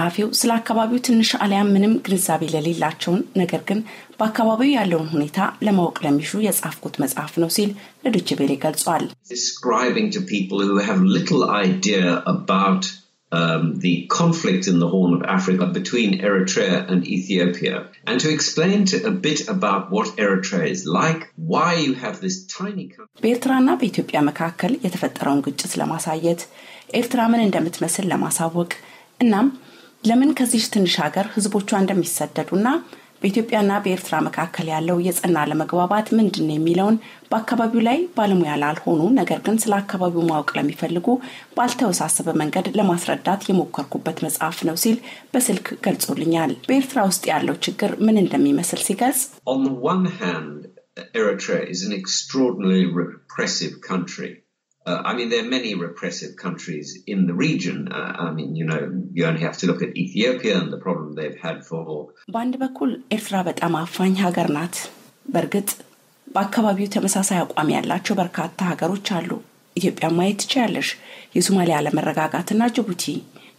ጸሐፊው ስለ አካባቢው ትንሽ አሊያም ምንም ግንዛቤ ለሌላቸውን ነገር ግን በአካባቢው ያለውን ሁኔታ ለማወቅ ለሚሹ የጻፍኩት መጽሐፍ ነው ሲል ለዶች ቤሌ ገልጿል። Um, the conflict in the Horn of Africa between Eritrea and Ethiopia, and to explain to a bit about what Eritrea is like, why you have this tiny country. በኤርትራና በኢትዮጵያ መካከል የተፈጠረውን ግጭት ለማሳየት ኤርትራ ምን እንደምትመስል ለማሳወቅ እናም ለምን ከዚች ትንሽ ሀገር ህዝቦቿ እንደሚሰደዱና በኢትዮጵያና በኤርትራ መካከል ያለው የጸና ለመግባባት ምንድን የሚለውን በአካባቢው ላይ ባለሙያ ላልሆኑ ነገር ግን ስለ አካባቢው ማወቅ ለሚፈልጉ ባልተወሳሰበ መንገድ ለማስረዳት የሞከርኩበት መጽሐፍ ነው ሲል በስልክ ገልጾልኛል። በኤርትራ ውስጥ ያለው ችግር ምን እንደሚመስል ሲገልጽ ኤርትራ Uh, I mean, there are many repressive countries in the region. Uh, I mean, you know, you only have to look at Ethiopia and the problem they've had for... በአንድ በኩል ኤርትራ በጣም አፋኝ ሀገር ናት። በእርግጥ በአካባቢው ተመሳሳይ አቋም ያላቸው በርካታ ሀገሮች አሉ። ኢትዮጵያ ማየት ትችያለሽ። የሶማሊያ አለመረጋጋትና ጅቡቲ።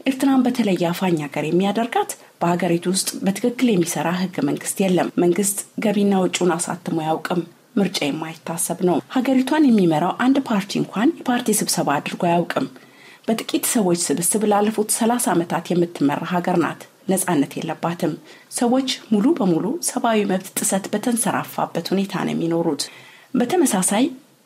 ኤርትራን በተለየ አፋኝ ሀገር የሚያደርጋት በሀገሪቱ ውስጥ በትክክል የሚሰራ ህገ መንግስት የለም። መንግስት ገቢና ውጭውን አሳትሞ አያውቅም። ምርጫ የማይታሰብ ነው። ሀገሪቷን የሚመራው አንድ ፓርቲ እንኳን የፓርቲ ስብሰባ አድርጎ አያውቅም። በጥቂት ሰዎች ስብስብ ላለፉት ሰላሳ ዓመታት የምትመራ ሀገር ናት። ነጻነት የለባትም። ሰዎች ሙሉ በሙሉ ሰብአዊ መብት ጥሰት በተንሰራፋበት ሁኔታ ነው የሚኖሩት። በተመሳሳይ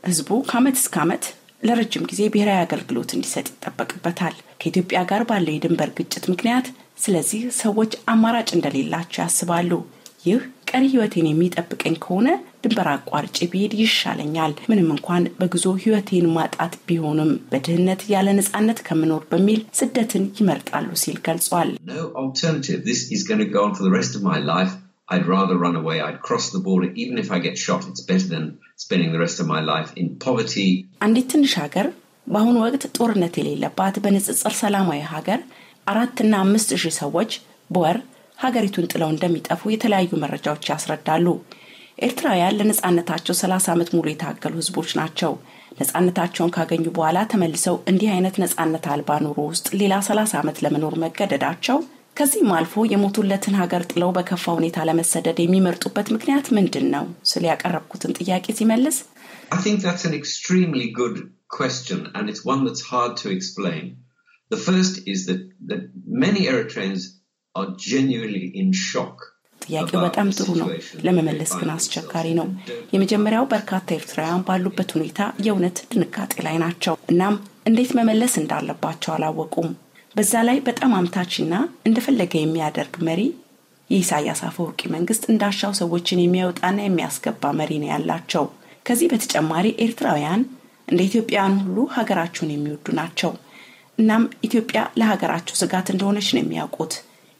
ህዝቡ ከአመት እስከ አመት ለረጅም ጊዜ ብሔራዊ አገልግሎት እንዲሰጥ ይጠበቅበታል ከኢትዮጵያ ጋር ባለው የድንበር ግጭት ምክንያት። ስለዚህ ሰዎች አማራጭ እንደሌላቸው ያስባሉ። ይህ ቀሪ ህይወቴን የሚጠብቀኝ ከሆነ ድንበር አቋርጬ ብሄድ ይሻለኛል፣ ምንም እንኳን በጉዞ ህይወቴን ማጣት ቢሆንም በድህነት ያለ ነጻነት ከምኖር በሚል ስደትን ይመርጣሉ ሲል ገልጿል። I'd rather run away. I'd cross the border. Even if I get shot, it's better than spending the rest of my life in poverty. አንዲት ትንሽ ሀገር በአሁኑ ወቅት ጦርነት የሌለባት በንጽጽር ሰላማዊ ሀገር አራትና አምስት ሺህ ሰዎች በወር ሀገሪቱን ጥለው እንደሚጠፉ የተለያዩ መረጃዎች ያስረዳሉ። ኤርትራውያን ለነፃነታቸው ሰላሳ ዓመት ሙሉ የታገሉ ህዝቦች ናቸው። ነፃነታቸውን ካገኙ በኋላ ተመልሰው እንዲህ አይነት ነፃነት አልባ ኑሮ ውስጥ ሌላ ሰላሳ ዓመት ለመኖር መገደዳቸው ከዚህም አልፎ የሞቱለትን ሀገር ጥለው በከፋ ሁኔታ ለመሰደድ የሚመርጡበት ምክንያት ምንድን ነው ስለ ያቀረብኩትን ጥያቄ ሲመልስ The ጥያቄው በጣም ጥሩ ነው፣ ለመመለስ ግን አስቸጋሪ ነው። የመጀመሪያው በርካታ ኤርትራውያን ባሉበት ሁኔታ የእውነት ድንጋጤ ላይ ናቸው። እናም እንዴት መመለስ እንዳለባቸው አላወቁም። በዛ ላይ በጣም አምታችና እንደፈለገ የሚያደርግ መሪ የኢሳያስ አፈወርቂ መንግስት እንዳሻው ሰዎችን የሚያወጣና የሚያስገባ መሪ ነው ያላቸው። ከዚህ በተጨማሪ ኤርትራውያን እንደ ኢትዮጵያውያን ሁሉ ሀገራቸውን የሚወዱ ናቸው። እናም ኢትዮጵያ ለሀገራቸው ስጋት እንደሆነች ነው የሚያውቁት።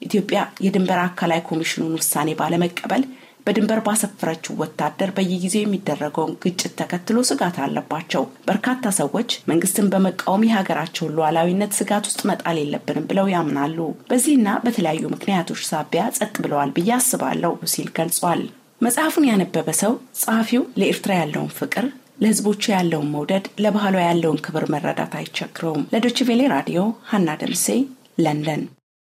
ኢትዮጵያ የድንበር አካላይ ኮሚሽኑን ውሳኔ ባለመቀበል በድንበር ባሰፈረችው ወታደር በየጊዜው የሚደረገውን ግጭት ተከትሎ ስጋት አለባቸው። በርካታ ሰዎች መንግስትን በመቃወም የሀገራቸውን ሉዓላዊነት ስጋት ውስጥ መጣል የለብንም ብለው ያምናሉ። በዚህና በተለያዩ ምክንያቶች ሳቢያ ጸጥ ብለዋል ብዬ አስባለሁ ሲል ገልጿል። መጽሐፉን ያነበበ ሰው ጸሐፊው ለኤርትራ ያለውን ፍቅር ለህዝቦቹ ያለውን መውደድ፣ ለባህሏ ያለውን ክብር መረዳት አይቸግረውም። ለዶችቬሌ ራዲዮ ሀና ደምሴ ለንደን